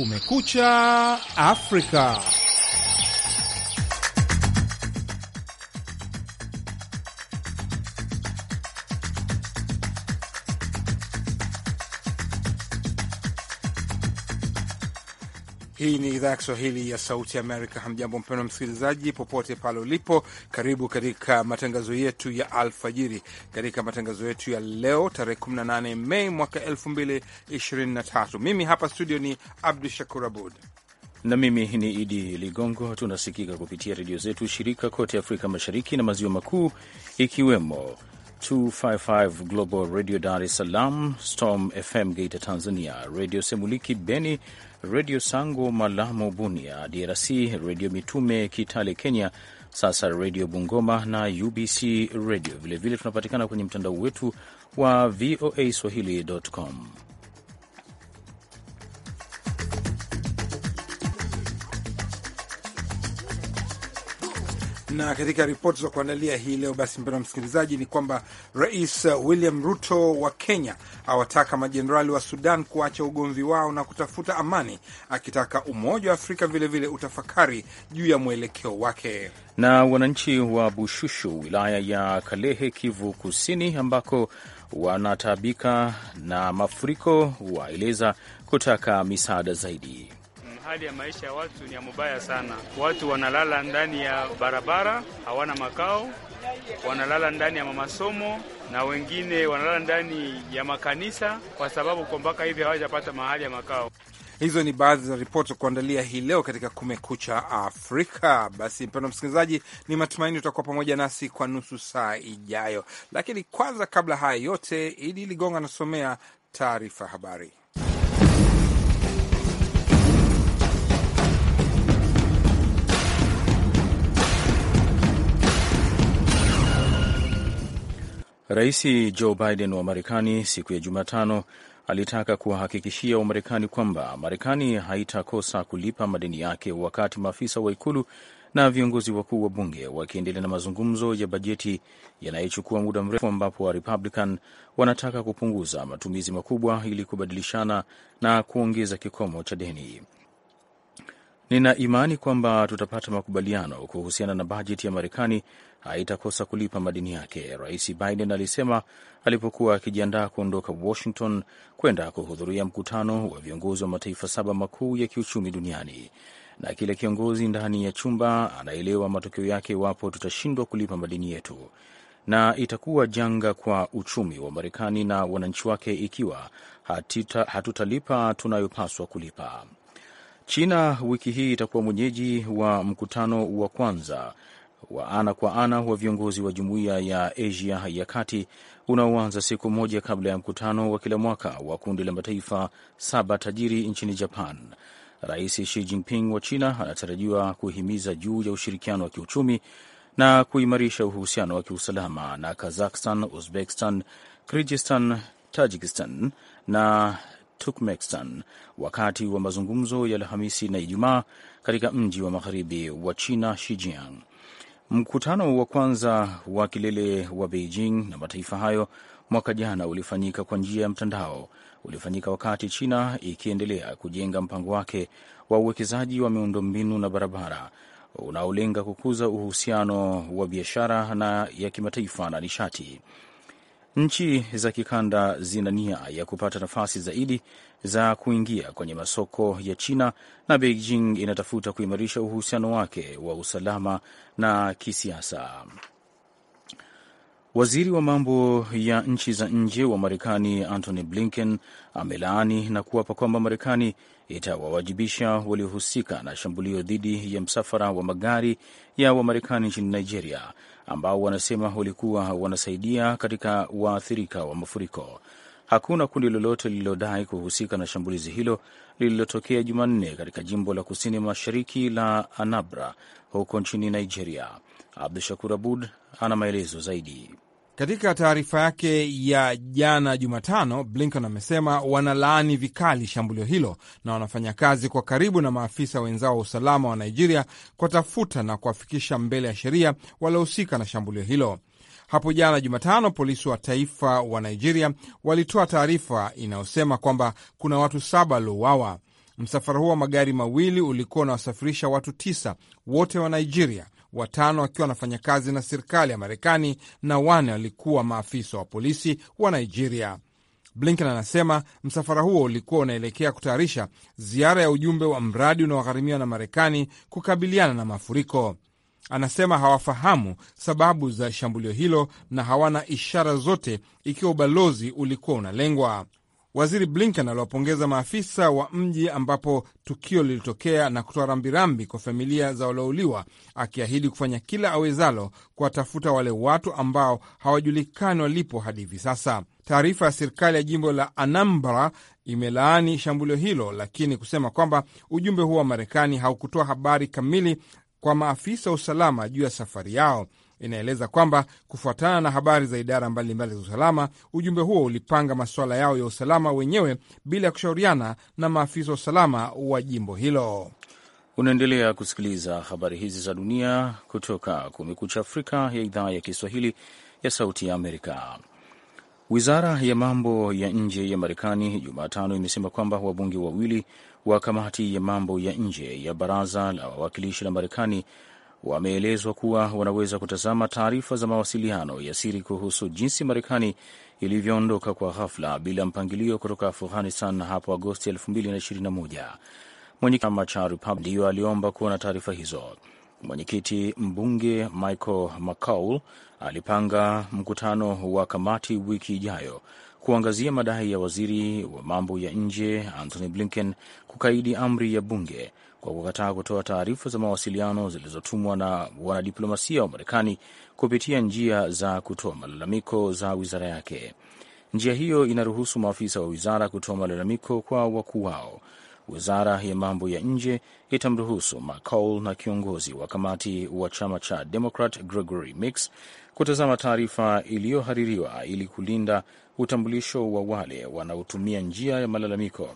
Kumekucha Afrika. Hii ni idhaa ya Kiswahili ya Sauti ya Amerika. Hamjambo mpendwa msikilizaji, popote pale ulipo, karibu katika matangazo yetu ya alfajiri. Katika matangazo yetu ya leo tarehe 18 Mei mwaka 2023, mimi hapa studio ni Abdu Shakur Abud na mimi ni Idi Ligongo. Tunasikika kupitia redio zetu shirika kote Afrika Mashariki na Maziwa Makuu, ikiwemo 255 Global Radio Dar es Salaam, Storm FM Geita Tanzania, Radio Semuliki Beni Redio Sango Malamu Bunia DRC, Redio Mitume Kitale Kenya, sasa Redio Bungoma na UBC Redio. Vilevile tunapatikana kwenye mtandao wetu wa VOA swahili.com. Na katika ripoti za kuandalia hii leo, basi mpendwa msikilizaji, ni kwamba Rais William Ruto wa Kenya awataka majenerali wa Sudan kuacha ugomvi wao na kutafuta amani, akitaka Umoja wa Afrika vilevile vile utafakari juu ya mwelekeo wake. Na wananchi wa Bushushu, wilaya ya Kalehe, Kivu Kusini, ambako wanataabika na mafuriko, waeleza kutaka misaada zaidi hali ya maisha ya watu ni ya mubaya sana. Watu wanalala ndani ya barabara, hawana makao, wanalala ndani ya masomo na wengine wanalala ndani ya makanisa, kwa sababu kwa mpaka hivi hawajapata mahali ya makao. Hizo ni baadhi za ripoti kuandalia hii leo katika Kumekucha Afrika. Basi mpendo msikilizaji, ni matumaini utakuwa pamoja nasi kwa nusu saa ijayo, lakini kwanza, kabla haya yote, Idi Ligonga anasomea taarifa habari. Rais Joe Biden wa Marekani siku ya Jumatano alitaka kuwahakikishia Wamarekani kwamba Marekani haitakosa kulipa madeni yake, wakati maafisa wa ikulu na viongozi wakuu wa bunge wakiendelea na mazungumzo ya bajeti yanayochukua muda mrefu, ambapo wa Republican wanataka kupunguza matumizi makubwa ili kubadilishana na kuongeza kikomo cha deni. Nina imani kwamba tutapata makubaliano kuhusiana na bajeti ya Marekani, haitakosa kulipa madeni yake, Rais Biden alisema alipokuwa akijiandaa kuondoka Washington kwenda kuhudhuria mkutano wa viongozi wa mataifa saba makuu ya kiuchumi duniani. Na kila kiongozi ndani ya chumba anaelewa matokeo yake iwapo tutashindwa kulipa madeni yetu, na itakuwa janga kwa uchumi wa Marekani na wananchi wake ikiwa hatutalipa tunayopaswa kulipa. China wiki hii itakuwa mwenyeji wa mkutano wa kwanza wa ana kwa ana wa viongozi wa jumuiya ya Asia ya kati unaoanza siku moja kabla ya mkutano wa kila mwaka wa kundi la mataifa saba tajiri nchini Japan. Rais Xi Jinping wa China anatarajiwa kuhimiza juu ya ushirikiano wa kiuchumi na kuimarisha uhusiano wa kiusalama na Kazakhstan, Uzbekistan, Kirgizistan, Tajikistan na Turkmenistan wakati wa mazungumzo ya Alhamisi na Ijumaa katika mji wa magharibi wa China Xinjiang. Mkutano wa kwanza wa kilele wa Beijing na mataifa hayo mwaka jana ulifanyika kwa njia ya mtandao. Ulifanyika wakati China ikiendelea kujenga mpango wake wa uwekezaji wa miundombinu na barabara unaolenga kukuza uhusiano wa biashara na ya kimataifa na nishati. Nchi za kikanda zina nia ya kupata nafasi zaidi za kuingia kwenye masoko ya China na Beijing inatafuta kuimarisha uhusiano wake wa usalama na kisiasa. Waziri wa mambo ya nchi za nje wa Marekani Antony Blinken amelaani na kuapa kwamba Marekani itawawajibisha waliohusika na shambulio dhidi ya msafara wa magari ya Wamarekani nchini Nigeria ambao wanasema walikuwa wanasaidia katika waathirika wa mafuriko. Hakuna kundi lolote lililodai kuhusika na shambulizi hilo lililotokea Jumanne katika jimbo la kusini mashariki la Anambra huko nchini Nigeria. Abdu Shakur Abud ana maelezo zaidi. Katika taarifa yake ya jana Jumatano, Blinken amesema wanalaani vikali shambulio hilo na wanafanya kazi kwa karibu na maafisa wenzao wa usalama wa Nigeria kuwatafuta na kuwafikisha mbele ya sheria waliohusika na shambulio hilo. Hapo jana Jumatano, polisi wa taifa wa Nigeria walitoa taarifa inayosema kwamba kuna watu saba waliouawa. Msafara huo wa magari mawili ulikuwa unawasafirisha watu tisa, wote wa Nigeria watano wakiwa wanafanya kazi na serikali ya Marekani na wane walikuwa maafisa wa polisi wa Nigeria. Blinken anasema msafara huo ulikuwa unaelekea kutayarisha ziara ya ujumbe wa mradi unaogharimiwa na Marekani kukabiliana na mafuriko. Anasema hawafahamu sababu za shambulio hilo na hawana ishara zote ikiwa ubalozi ulikuwa unalengwa. Waziri Blinken aliwapongeza maafisa wa mji ambapo tukio lilitokea na kutoa rambirambi kwa familia za waliouliwa, akiahidi kufanya kila awezalo kuwatafuta wale watu ambao hawajulikani walipo hadi hivi sasa. Taarifa ya serikali ya jimbo la Anambra imelaani shambulio hilo, lakini kusema kwamba ujumbe huo wa Marekani haukutoa habari kamili kwa maafisa wa usalama juu ya safari yao Inaeleza kwamba kufuatana na habari za idara mbalimbali za usalama, ujumbe huo ulipanga masuala yao ya usalama wenyewe bila ya kushauriana na maafisa wa usalama wa jimbo hilo. Unaendelea kusikiliza habari hizi za dunia kutoka Kumekucha Afrika ya idhaa ya Kiswahili ya Sauti ya Amerika. Wizara ya mambo ya nje ya Marekani Jumatano imesema kwamba wabunge wawili wa kamati ya mambo ya nje ya baraza la wawakilishi la Marekani wameelezwa kuwa wanaweza kutazama taarifa za mawasiliano ya siri kuhusu jinsi Marekani ilivyoondoka kwa ghafla bila mpangilio kutoka Afghanistan hapo Agosti 2021. Mwenyekiti chama cha Republican ndiyo aliomba kuona taarifa hizo. Mwenyekiti mbunge Michael McCaul alipanga mkutano wa kamati wiki ijayo kuangazia madai ya waziri wa mambo ya nje Antony Blinken kukaidi amri ya bunge kwa kukataa kutoa taarifa za mawasiliano zilizotumwa na wanadiplomasia wa Marekani kupitia njia za kutoa malalamiko za wizara yake. Njia hiyo inaruhusu maafisa wa wizara kutoa malalamiko kwa wakuu wao. Wizara ya mambo ya nje itamruhusu McCaul na kiongozi wa kamati wa chama cha Democrat Gregory Mix kutazama taarifa iliyohaririwa ili kulinda utambulisho wa wale wanaotumia njia ya malalamiko.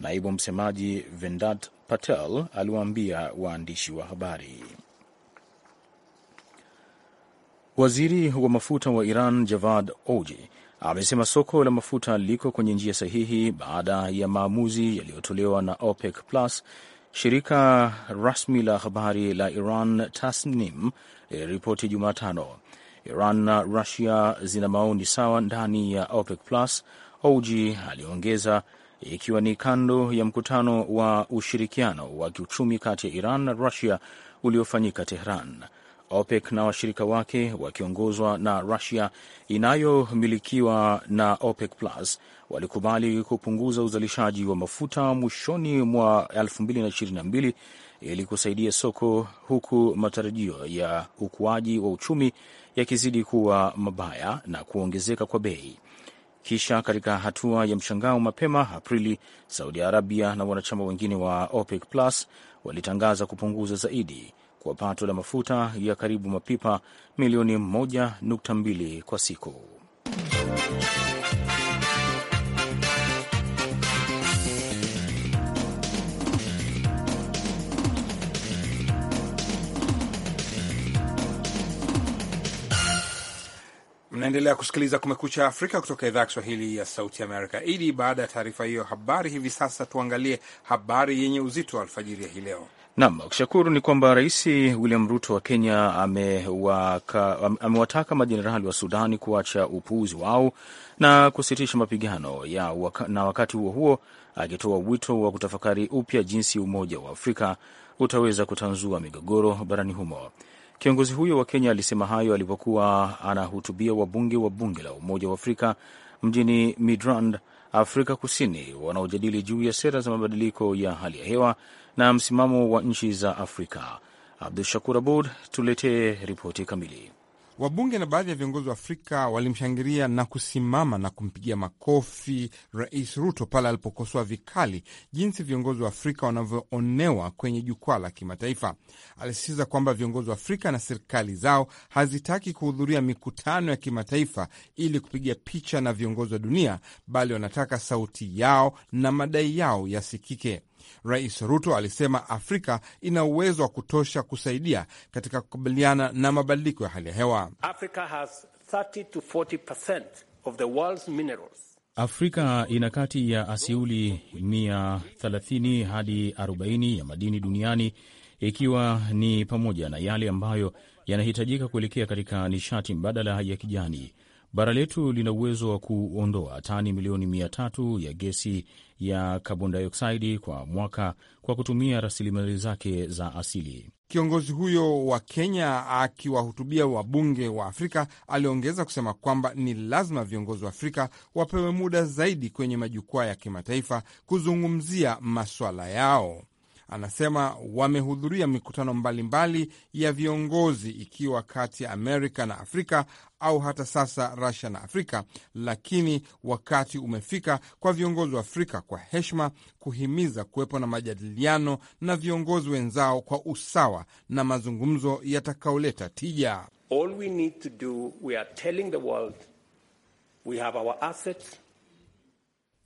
Naibu msemaji Vendat Patel aliwaambia waandishi wa habari. Waziri wa mafuta wa Iran Javad Oji amesema soko la mafuta liko kwenye njia sahihi baada ya maamuzi yaliyotolewa na OPEC Plus. Shirika rasmi la habari la Iran Tasnim liliripoti eh, Jumatano Iran na Rusia zina maoni sawa ndani ya OPEC Plus. Oji aliongeza ikiwa ni kando ya mkutano wa ushirikiano wa kiuchumi kati ya Iran na Rusia uliofanyika Tehran. OPEC na washirika wake wakiongozwa na Rusia inayomilikiwa na OPEC Plus walikubali kupunguza uzalishaji wa mafuta mwishoni mwa 2022 ili kusaidia soko, huku matarajio ya ukuaji wa uchumi yakizidi kuwa mabaya na kuongezeka kwa bei. Kisha katika hatua ya mshangao, mapema Aprili, Saudi Arabia na wanachama wengine wa OPEC Plus walitangaza kupunguza zaidi kwa pato la mafuta ya karibu mapipa milioni 1.2 kwa siku. Mnaendelea kusikiliza Kumekucha Afrika kutoka idhaa ya Kiswahili ya Sauti Amerika. Idi, baada ya taarifa hiyo habari, hivi sasa tuangalie habari yenye uzito wa alfajiri ya hii leo. nam kushukuru ni kwamba Rais William Ruto wa Kenya amewataka majenerali wa Sudani kuacha upuuzi wao na kusitisha mapigano ya waka, na wakati huo huo akitoa wito wa kutafakari upya jinsi Umoja wa Afrika utaweza kutanzua migogoro barani humo. Kiongozi huyo wa Kenya alisema hayo alipokuwa anahutubia wabunge wa bunge la Umoja wa Afrika mjini Midrand, Afrika Kusini, wanaojadili juu ya sera za mabadiliko ya hali ya hewa na msimamo wa nchi za Afrika. Abdu Shakur Abud, tuletee ripoti kamili. Wabunge na baadhi ya viongozi wa Afrika walimshangilia na kusimama na kumpigia makofi Rais Ruto pale alipokosoa vikali jinsi viongozi wa Afrika wanavyoonewa kwenye jukwaa la kimataifa. Alisisitiza kwamba viongozi wa Afrika na serikali zao hazitaki kuhudhuria mikutano ya kimataifa ili kupiga picha na viongozi wa dunia, bali wanataka sauti yao na madai yao yasikike. Rais Ruto alisema Afrika ina uwezo wa kutosha kusaidia katika kukabiliana na mabadiliko ya hali ya hewa. Afrika ina kati ya asiuli 30 hadi 40 ya madini duniani ikiwa ni pamoja na yale ambayo yanahitajika kuelekea katika nishati mbadala ya kijani. Bara letu lina uwezo wa kuondoa tani milioni mia tatu ya gesi ya kaboni kwa mwaka kwa kutumia rasilimali zake za asili. Kiongozi huyo wa Kenya akiwahutubia wabunge wa Afrika aliongeza kusema kwamba ni lazima viongozi wa Afrika wapewe muda zaidi kwenye majukwaa ya kimataifa kuzungumzia maswala yao. Anasema wamehudhuria mikutano mbalimbali mbali ya viongozi, ikiwa kati ya Amerika na Afrika au hata sasa rasia na Afrika, lakini wakati umefika kwa viongozi wa Afrika kwa heshima kuhimiza kuwepo na majadiliano na viongozi wenzao kwa usawa na mazungumzo yatakaoleta tija. All we need to do, we are telling the world we have our assets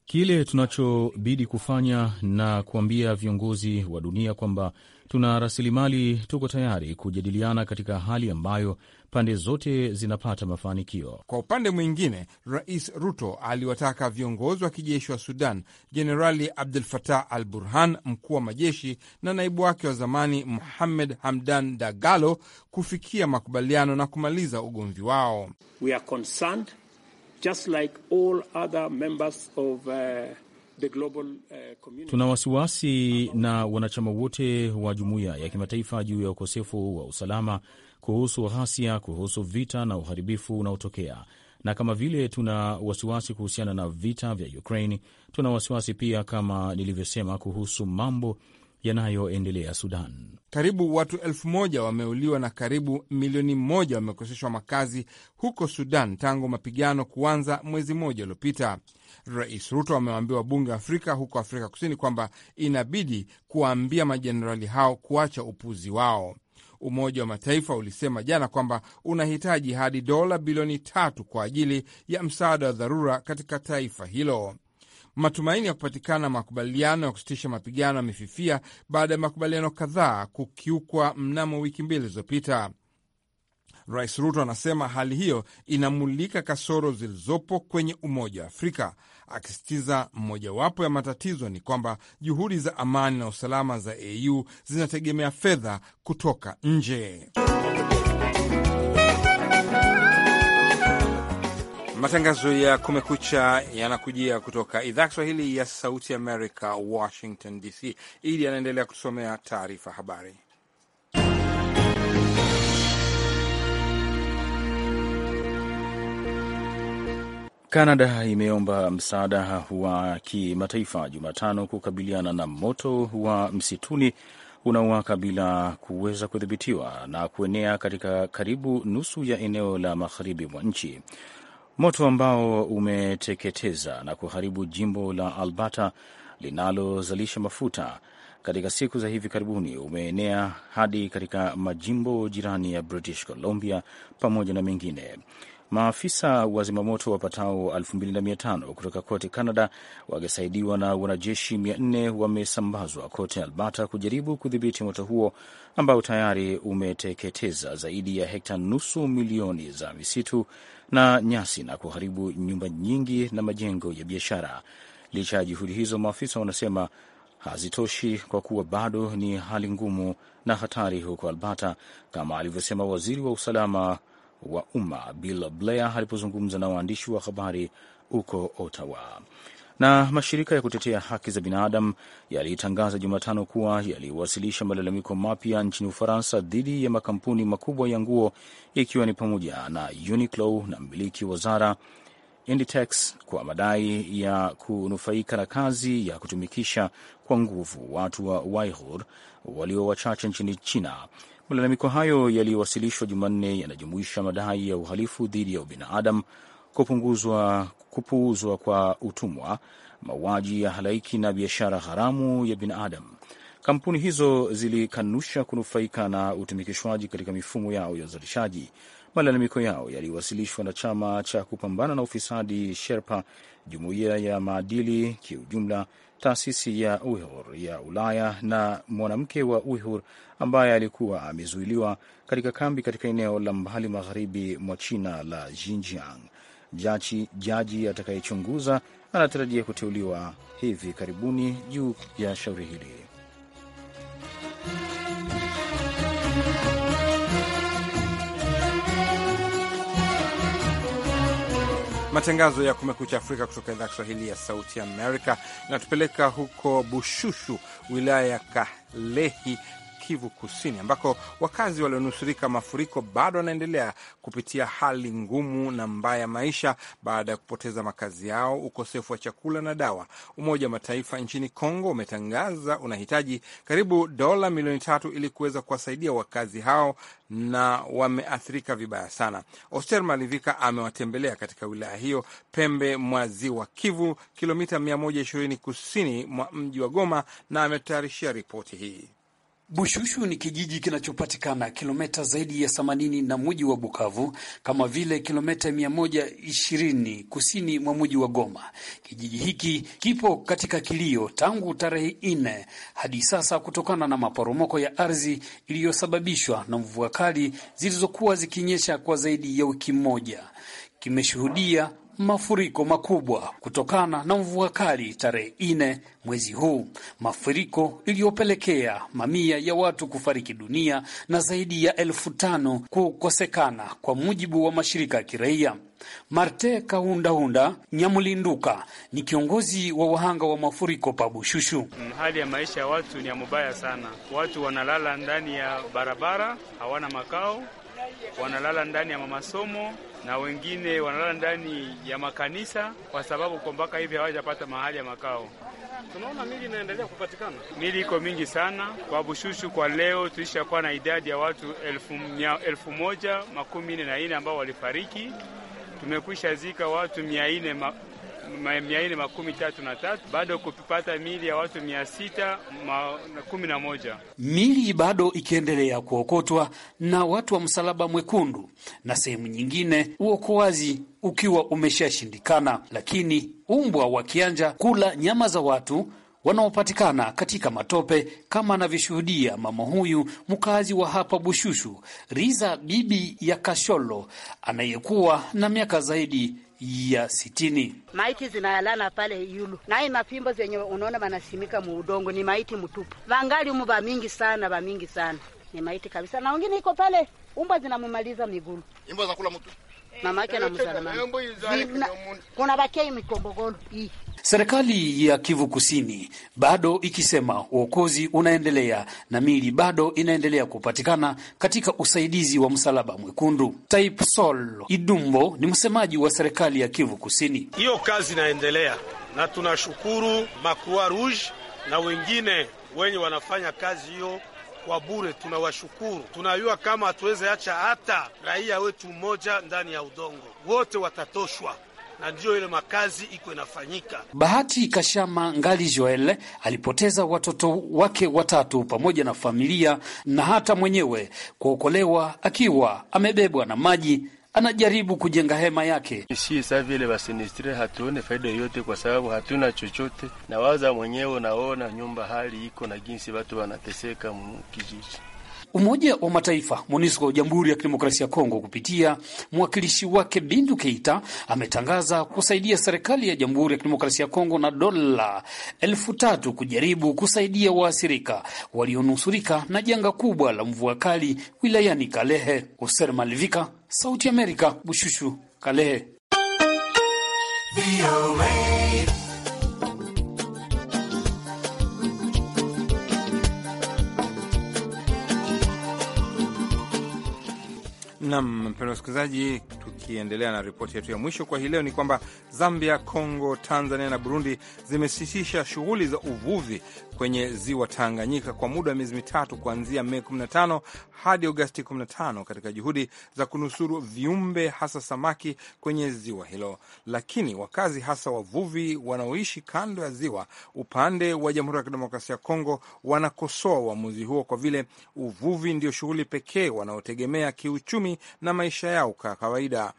Kile tunachobidi kufanya na kuambia viongozi wa dunia kwamba tuna rasilimali, tuko tayari kujadiliana katika hali ambayo pande zote zinapata mafanikio. Kwa upande mwingine, Rais Ruto aliwataka viongozi wa kijeshi wa Sudan, Jenerali Abdul Fatah Al Burhan, mkuu wa majeshi na naibu wake wa zamani Muhammed Hamdan Dagalo, kufikia makubaliano na kumaliza ugomvi wao. We are concerned just like all other members of uh, uh tuna wasiwasi na wanachama wote wa jumuiya ya kimataifa juu ya ukosefu wa usalama, kuhusu ghasia, kuhusu vita na uharibifu unaotokea na kama vile tuna wasiwasi kuhusiana na vita vya Ukraine, tuna wasiwasi pia, kama nilivyosema, kuhusu mambo yanayoendelea Sudan. Karibu watu elfu moja wameuliwa na karibu milioni moja wamekoseshwa makazi huko Sudan tangu mapigano kuanza mwezi mmoja uliopita. Rais Ruto amewaambia wabunge wa Afrika huko Afrika Kusini kwamba inabidi kuwaambia majenerali hao kuacha upuzi wao. Umoja wa Mataifa ulisema jana kwamba unahitaji hadi dola bilioni tatu kwa ajili ya msaada wa dharura katika taifa hilo. Matumaini ya kupatikana makubaliano ya kusitisha mapigano yamefifia baada ya makubaliano kadhaa kukiukwa mnamo wiki mbili zilizopita. Rais Ruto anasema hali hiyo inamulika kasoro zilizopo kwenye Umoja wa Afrika, akisisitiza mojawapo ya matatizo ni kwamba juhudi za amani na usalama za AU zinategemea fedha kutoka nje. Matangazo ya Kumekucha yanakujia kutoka idhaa Kiswahili ya Sauti Amerika, Washington DC. Ili anaendelea kutusomea taarifa habari. Kanada imeomba msaada wa kimataifa Jumatano kukabiliana na moto wa msituni unaowaka bila kuweza kudhibitiwa na kuenea katika karibu nusu ya eneo la magharibi mwa nchi. Moto ambao umeteketeza na kuharibu jimbo la albata linalozalisha mafuta katika siku za hivi karibuni umeenea hadi katika majimbo jirani ya British Columbia pamoja na mengine. Maafisa wa zimamoto wapatao 2500 kutoka kote Canada wakisaidiwa na wanajeshi 400 wamesambazwa kote Alberta kujaribu kudhibiti moto huo ambao tayari umeteketeza zaidi ya hekta nusu milioni za misitu na nyasi na kuharibu nyumba nyingi na majengo ya biashara. Licha ya juhudi hizo, maafisa wanasema hazitoshi kwa kuwa bado ni hali ngumu na hatari huko Alberta, kama alivyosema waziri wa usalama wa umma Bill Blair alipozungumza na waandishi wa habari huko Ottawa. Na mashirika ya kutetea haki za binadamu yalitangaza Jumatano kuwa yaliwasilisha malalamiko mapya nchini Ufaransa dhidi ya makampuni makubwa ya nguo ikiwa ni pamoja na Uniqlo na mmiliki wa Zara Inditex kwa madai ya kunufaika na kazi ya kutumikisha kwa nguvu watu wa Uighur walio wachache nchini China Malalamiko hayo yaliyowasilishwa Jumanne yanajumuisha madai ya uhalifu dhidi ya ubinadamu, kupunguzwa kupuuzwa kwa utumwa, mauaji ya halaiki na biashara haramu ya binadamu. Kampuni hizo zilikanusha kunufaika na utumikishwaji katika mifumo yao ya uzalishaji. Malalamiko yao yaliwasilishwa na chama cha kupambana na ufisadi Sherpa, jumuiya ya maadili kiujumla, taasisi ya uihur ya Ulaya na mwanamke wa uihur ambaye alikuwa amezuiliwa katika kambi katika eneo la mbali magharibi mwa China la Xinjiang. Jaji, jaji atakayechunguza anatarajia kuteuliwa hivi karibuni juu ya shauri hili. Matangazo ya Kumekucha Afrika kutoka idhaa Kiswahili ya Sauti Amerika inatupeleka huko Bushushu, wilaya ya Kalehi Kivu Kusini, ambako wakazi walionusurika mafuriko bado wanaendelea kupitia hali ngumu na mbaya ya maisha baada ya kupoteza makazi yao, ukosefu wa chakula na dawa. Umoja wa Mataifa nchini Kongo umetangaza unahitaji karibu dola milioni tatu ili kuweza kuwasaidia wakazi hao, na wameathirika vibaya sana. Oster Malivika amewatembelea katika wilaya hiyo pembe mwa ziwa Kivu, kilomita 120 kusini mwa mji wa Goma, na ametayarishia ripoti hii. Bushushu ni kijiji kinachopatikana kilomita zaidi ya 80 na mji wa Bukavu, kama vile kilomita ishirini kusini mwa mji wa Goma. Kijiji hiki kipo katika kilio tangu tarehe nne hadi sasa kutokana na maporomoko ya ardhi iliyosababishwa na mvua kali zilizokuwa zikinyesha kwa zaidi ya wiki moja kimeshuhudia mafuriko makubwa kutokana na mvua kali tarehe nne mwezi huu, mafuriko iliyopelekea mamia ya watu kufariki dunia na zaidi ya elfu tano kukosekana, kwa mujibu wa mashirika ya kiraia. Marte kaundaunda Nyamulinduka ni kiongozi wa wahanga wa mafuriko Pabushushu. Mm, hali ya maisha ya watu ni ya mubaya sana, watu wanalala ndani ya barabara, hawana makao wanalala ndani ya masomo na wengine wanalala ndani ya makanisa, kwa sababu kwa mpaka hivi hawajapata mahali ya makao. Tunaona mili inaendelea kupatikana, mili iko mingi sana kwa Bushushu. Kwa leo tulishakuwa na idadi ya watu elfu, elfu moja makumi nne na nne ambao walifariki. Tumekwisha zika watu mia nne mia makumi tatu na tatu bado kupata mili ya watu mia sita kumi na moja mili bado ikiendelea kuokotwa na watu wa Msalaba Mwekundu na sehemu nyingine, uokoaji ukiwa umeshashindikana, lakini umbwa wakianja kula nyama za watu wanaopatikana katika matope kama anavyoshuhudia mama huyu mkazi wa hapa Bushushu, Riza bibi ya Kasholo, anayekuwa na miaka zaidi ya sitini. Maiti zinayalana pale yulu hii mafimbo zenye unaona wanasimika muudongo ni maiti mtupu, vangali umu vamingi sana, vamingi sana, ni maiti kabisa. Na wengine iko pale umbwa zinamumaliza migulu, imbwa za kula mtu mamake eh, na msalama. Eh, kuna bakei mikombogolo hii Serikali ya Kivu Kusini bado ikisema uokozi unaendelea na miili bado inaendelea kupatikana katika usaidizi wa Msalaba Mwekundu. Taip Sol Idumbo ni msemaji wa serikali ya Kivu Kusini. Hiyo kazi inaendelea na tunashukuru Makroa Rouge na wengine wenye wanafanya kazi hiyo kwa bure, tunawashukuru. Tunajua kama hatuweze acha hata raia wetu mmoja ndani ya udongo, wote watatoshwa na ndiyo ile makazi iko inafanyika. Bahati Kashama Ngali Joel alipoteza watoto wake watatu pamoja na familia na hata mwenyewe kuokolewa akiwa amebebwa na maji anajaribu kujenga hema yake. Si sa vile basinistre, hatuone faida yoyote kwa sababu hatuna chochote. Nawaza mwenyewe, naona nyumba hali iko na jinsi watu wanateseka mkijiji Umoja wa Mataifa MONUSCO Jamhuri ya Kidemokrasia ya Kongo kupitia mwakilishi wake Bindu Keita ametangaza kusaidia serikali ya Jamhuri ya Kidemokrasia ya Kongo na dola elfu tatu kujaribu kusaidia waathirika walionusurika na janga kubwa la mvua kali wilayani Kalehe. Oser Malivika, Sauti Amerika, Bushushu, Kalehe. Nam mpendwa msikilizaji, tukiendelea na ripoti yetu ya mwisho kwa hii leo ni kwamba Zambia, Kongo, Tanzania na Burundi zimesitisha shughuli za uvuvi kwenye ziwa Tanganyika kwa muda wa miezi mitatu kuanzia Mei 15 hadi Agosti 15 katika juhudi za kunusuru viumbe hasa samaki kwenye ziwa hilo. Lakini wakazi hasa wavuvi wanaoishi kando ya ziwa upande wa Jamhuri ya Kidemokrasia ya Kongo wanakosoa uamuzi huo kwa vile uvuvi ndio shughuli pekee wanaotegemea kiuchumi na maisha yao kwa kawaida.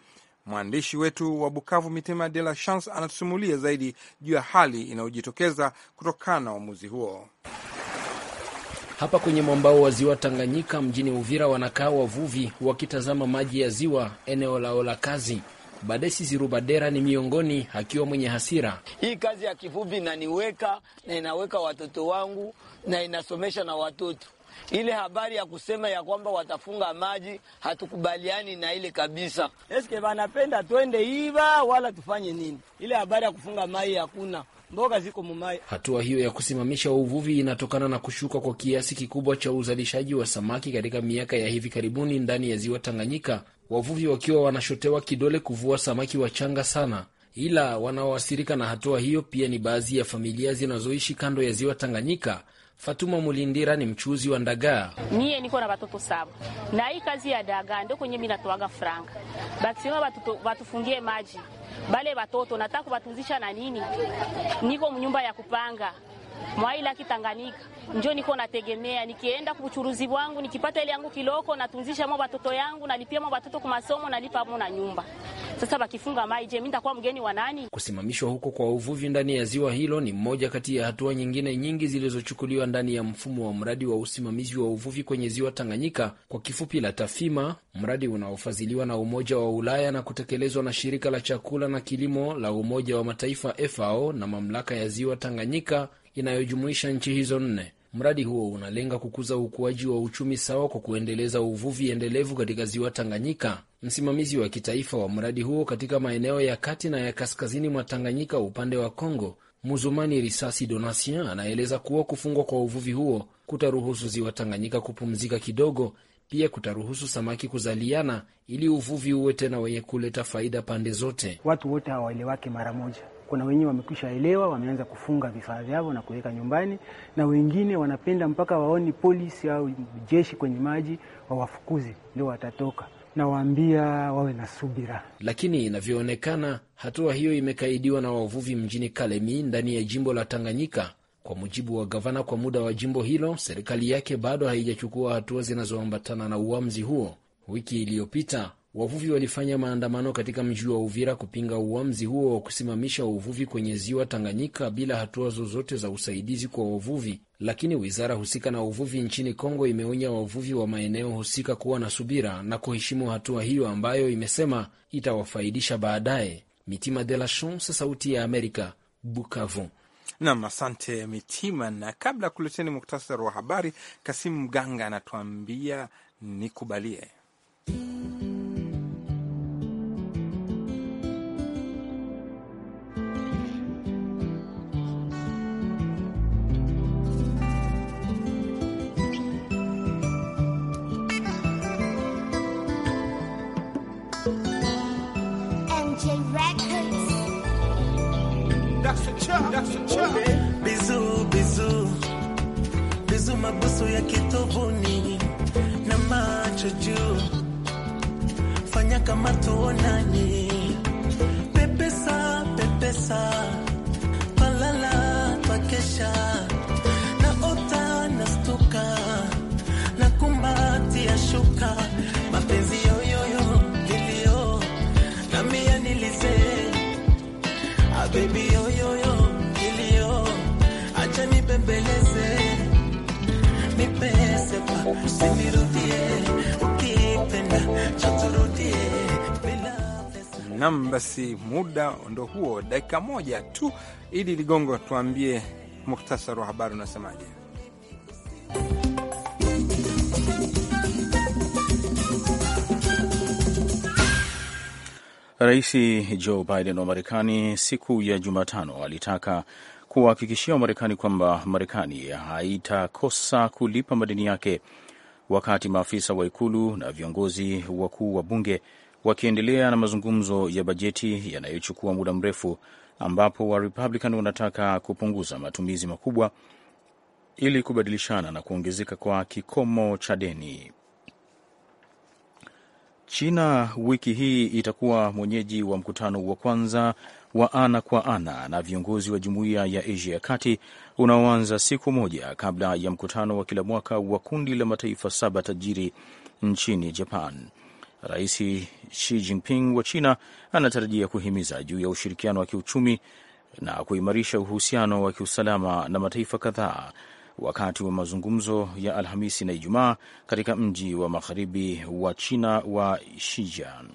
Mwandishi wetu wa Bukavu, Mitima De La Chance, anatusimulia zaidi juu ya hali inayojitokeza kutokana na uamuzi huo. Hapa kwenye mwambao wa ziwa Tanganyika mjini Uvira, wanakaa wavuvi wakitazama maji ya ziwa, eneo lao la kazi. Badesi Zirubadera ni miongoni akiwa mwenye hasira. Hii kazi ya kivuvi inaniweka na inaweka watoto wangu na inasomesha na watoto ile habari ya kusema ya kwamba watafunga maji hatukubaliani na ile kabisa. Eske wanapenda twende iva wala tufanye nini? Ile habari ya kufunga maji hakuna. Mboga ziko mumai. Hatua hiyo ya kusimamisha uvuvi inatokana na kushuka kwa kiasi kikubwa cha uzalishaji wa samaki katika miaka ya hivi karibuni ndani ya ziwa Tanganyika, wavuvi wakiwa wanashotewa kidole kuvua samaki wachanga sana. Ila wanaoathirika na hatua hiyo pia ni baadhi ya familia zinazoishi kando ya ziwa Tanganyika Fatuma Mulindira ni mchuzi wa ndagaa. Mie niko na watoto saba na hii kazi ya dagaa ndo kwenye mi natoaga franga, bakisema batufungie watufungie maji bale watoto nataka kuwatunzisha na nini, niko mnyumba ya kupanga mwaila Kitanganyika njo niko nategemea, nikienda kuchuruzi bwangu nikipata ile yangu kiloko natunzisha mwa watoto yangu, nalipia mwa watoto kumasomo, nalipa mo na nyumba sasa wakifunga maji, je, nitakuwa mgeni wa nani? Kusimamishwa huko kwa uvuvi ndani ya ziwa hilo ni moja kati ya hatua nyingine nyingi zilizochukuliwa ndani ya mfumo wa mradi wa usimamizi wa uvuvi kwenye ziwa Tanganyika, kwa kifupi la TAFIMA, mradi unaofadhiliwa na Umoja wa Ulaya na kutekelezwa na Shirika la Chakula na Kilimo la Umoja wa Mataifa FAO na mamlaka ya ziwa Tanganyika inayojumuisha nchi hizo nne. Mradi huo unalenga kukuza ukuaji wa uchumi sawa kwa kuendeleza uvuvi endelevu katika ziwa Tanganyika. Msimamizi wa kitaifa wa mradi huo katika maeneo ya kati na ya kaskazini mwa Tanganyika upande wa congo Muzumani Risasi Donatien, anaeleza kuwa kufungwa kwa uvuvi huo kutaruhusu ziwa Tanganyika kupumzika kidogo, pia kutaruhusu samaki kuzaliana ili uvuvi uwe tena wenye kuleta faida pande zote. Watu wote hawaelewake mara moja kuna wenyewe wamekwisha elewa, wameanza kufunga vifaa vyao na kuweka nyumbani, na wengine wanapenda mpaka waone polisi au jeshi kwenye maji wawafukuze, ndio watatoka. Nawaambia wawe na subira, lakini inavyoonekana hatua hiyo imekaidiwa na wavuvi mjini Kalemi ndani ya jimbo la Tanganyika. Kwa mujibu wa gavana kwa muda wa jimbo hilo, serikali yake bado haijachukua hatua zinazoambatana na uamuzi huo. Wiki iliyopita Wavuvi walifanya maandamano katika mji wa Uvira kupinga uamuzi huo wa kusimamisha uvuvi kwenye ziwa Tanganyika bila hatua zozote za usaidizi kwa wavuvi, lakini wizara husika na uvuvi nchini Kongo imeonya wavuvi wa maeneo husika kuwa na subira na kuheshimu hatua hiyo ambayo imesema itawafaidisha baadaye. Mitima de la Chance, Sauti ya Amerika, Bukavu. Nam, asante Mitima. Na kabla ya kuleteni muktasari wa habari, Kasimu Mganga anatuambia nikubalie juu, fanya kama tuonani, pepesa pepesa, palala pakesha naota nastuka, na shuka, mapenzi yoyoyo nilize ah, oh. Nam, basi muda ndo huo, dakika moja tu. Idi Ligongo, tuambie muktasari wa habari unasemaje? Rais Joe Biden wa Marekani siku ya Jumatano alitaka kuwahakikishia Wamarekani kwamba Marekani haitakosa kulipa madeni yake wakati maafisa wa ikulu na viongozi wakuu wa bunge wakiendelea na mazungumzo ya bajeti yanayochukua muda mrefu, ambapo wa Republican wanataka kupunguza matumizi makubwa ili kubadilishana na kuongezeka kwa kikomo cha deni. China wiki hii itakuwa mwenyeji wa mkutano wa kwanza wa ana kwa ana na viongozi wa Jumuiya ya Asia ya Kati unaoanza siku moja kabla ya mkutano wa kila mwaka wa kundi la mataifa saba tajiri nchini Japan. Rais Xi Jinping wa China anatarajia kuhimiza juu ya ushirikiano wa kiuchumi na kuimarisha uhusiano wa kiusalama na mataifa kadhaa wakati wa mazungumzo ya Alhamisi na Ijumaa katika mji wa magharibi wa China wa Shijian.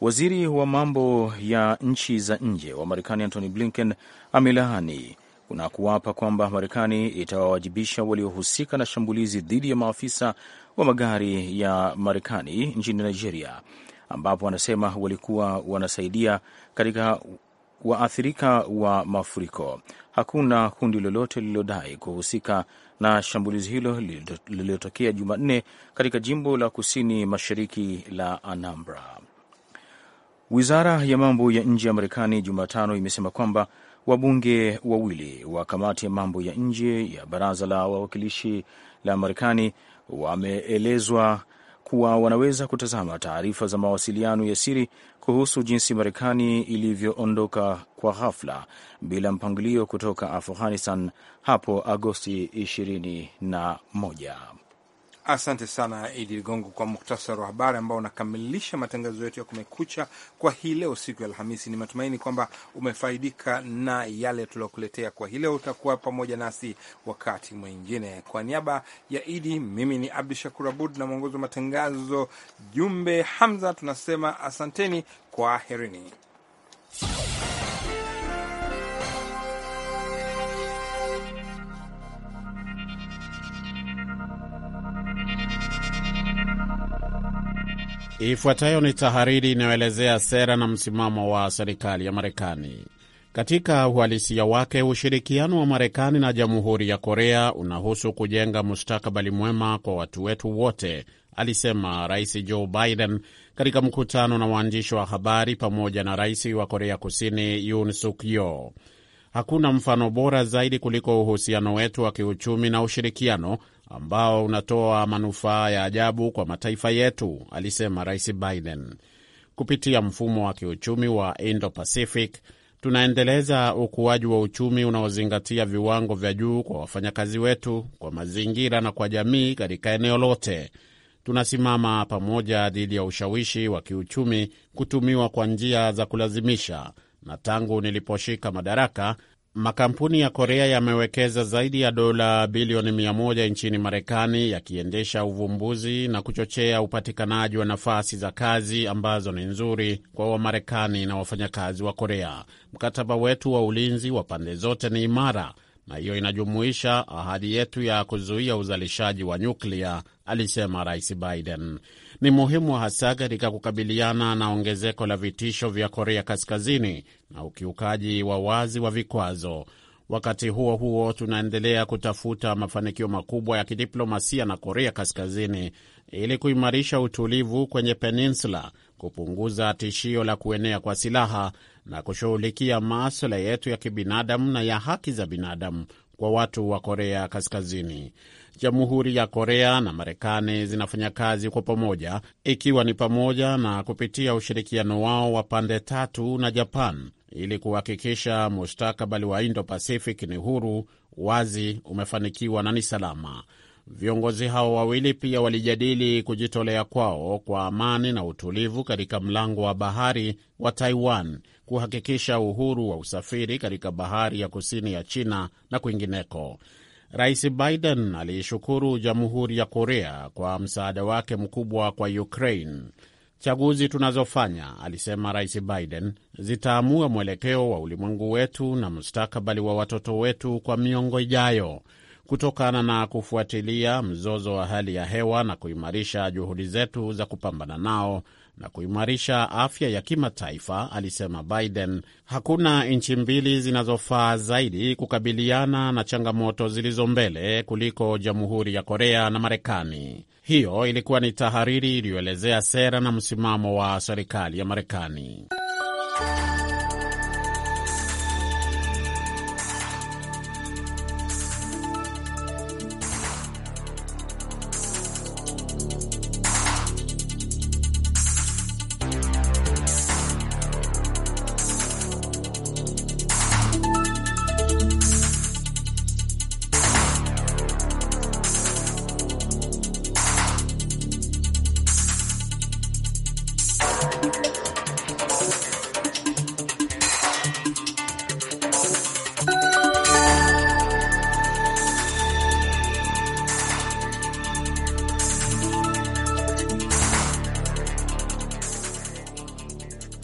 Waziri wa mambo ya nchi za nje wa Marekani Antony Blinken amelaani na kuapa kwamba Marekani itawawajibisha waliohusika na shambulizi dhidi ya maafisa wa magari ya Marekani nchini Nigeria, ambapo anasema walikuwa wanasaidia katika waathirika wa mafuriko. Hakuna kundi lolote lililodai kuhusika na shambulizi hilo lililotokea Jumanne katika jimbo la kusini mashariki la Anambra. Wizara ya mambo ya nje ya Marekani Jumatano imesema kwamba wabunge wawili wa kamati ya mambo ya nje ya baraza la wawakilishi la Marekani wameelezwa kuwa wanaweza kutazama taarifa za mawasiliano ya siri kuhusu jinsi Marekani ilivyoondoka kwa ghafla bila mpangilio kutoka Afghanistan hapo Agosti 21. Asante sana Idi Ligongo kwa muktasari wa habari ambao unakamilisha matangazo yetu ya Kumekucha kwa hii leo, siku ya Alhamisi. Ni matumaini kwamba umefaidika na yale tuliokuletea kwa hii leo. Utakuwa pamoja nasi wakati mwingine. Kwa niaba ya Idi, mimi ni Abdu Shakur Abud na mwongozi wa matangazo Jumbe Hamza, tunasema asanteni, kwa herini Ifuatayo ni tahariri inayoelezea sera na msimamo wa serikali ya Marekani. Katika uhalisia wake, ushirikiano wa Marekani na Jamhuri ya Korea unahusu kujenga mustakabali mwema kwa watu wetu wote, alisema Rais Joe Biden katika mkutano na waandishi wa habari pamoja na rais wa Korea Kusini Yoon Suk Yeol. Hakuna mfano bora zaidi kuliko uhusiano wetu wa kiuchumi na ushirikiano ambao unatoa manufaa ya ajabu kwa mataifa yetu, alisema Rais Biden. Kupitia mfumo wa kiuchumi wa Indo-Pacific tunaendeleza ukuaji wa uchumi unaozingatia viwango vya juu kwa wafanyakazi wetu, kwa mazingira na kwa jamii katika eneo lote. Tunasimama pamoja dhidi ya ushawishi wa kiuchumi kutumiwa kwa njia za kulazimisha, na tangu niliposhika madaraka Makampuni ya Korea yamewekeza zaidi ya dola bilioni 100 nchini Marekani yakiendesha uvumbuzi na kuchochea upatikanaji wa nafasi za kazi ambazo ni nzuri kwa Wamarekani na wafanyakazi wa Korea. Mkataba wetu wa ulinzi wa pande zote ni imara, na hiyo inajumuisha ahadi yetu ya kuzuia uzalishaji wa nyuklia, alisema Rais Biden ni muhimu hasa katika kukabiliana na ongezeko la vitisho vya Korea Kaskazini na ukiukaji wa wazi wa vikwazo. Wakati huo huo, tunaendelea kutafuta mafanikio makubwa ya kidiplomasia na Korea Kaskazini ili kuimarisha utulivu kwenye peninsula, kupunguza tishio la kuenea kwa silaha na kushughulikia maswala yetu ya kibinadamu na ya haki za binadamu kwa watu wa Korea Kaskazini. Jamhuri ya Korea na Marekani zinafanya kazi kwa pamoja, ikiwa ni pamoja na kupitia ushirikiano wao wa pande tatu na Japan ili kuhakikisha mustakabali wa Indo-Pacific ni huru, wazi, umefanikiwa na ni salama. Viongozi hao wawili pia walijadili kujitolea kwao kwa amani na utulivu katika mlango wa bahari wa Taiwan, kuhakikisha uhuru wa usafiri katika bahari ya kusini ya China na kwingineko. Rais Biden aliishukuru Jamhuri ya Korea kwa msaada wake mkubwa kwa Ukraine. Chaguzi tunazofanya, alisema Rais Biden, zitaamua mwelekeo wa ulimwengu wetu na mustakabali wa watoto wetu kwa miongo ijayo. Kutokana na kufuatilia mzozo wa hali ya hewa na kuimarisha juhudi zetu za kupambana nao na kuimarisha afya ya kimataifa, alisema Biden. Hakuna nchi mbili zinazofaa zaidi kukabiliana na changamoto zilizo mbele kuliko Jamhuri ya Korea na Marekani. Hiyo ilikuwa ni tahariri iliyoelezea sera na msimamo wa serikali ya Marekani.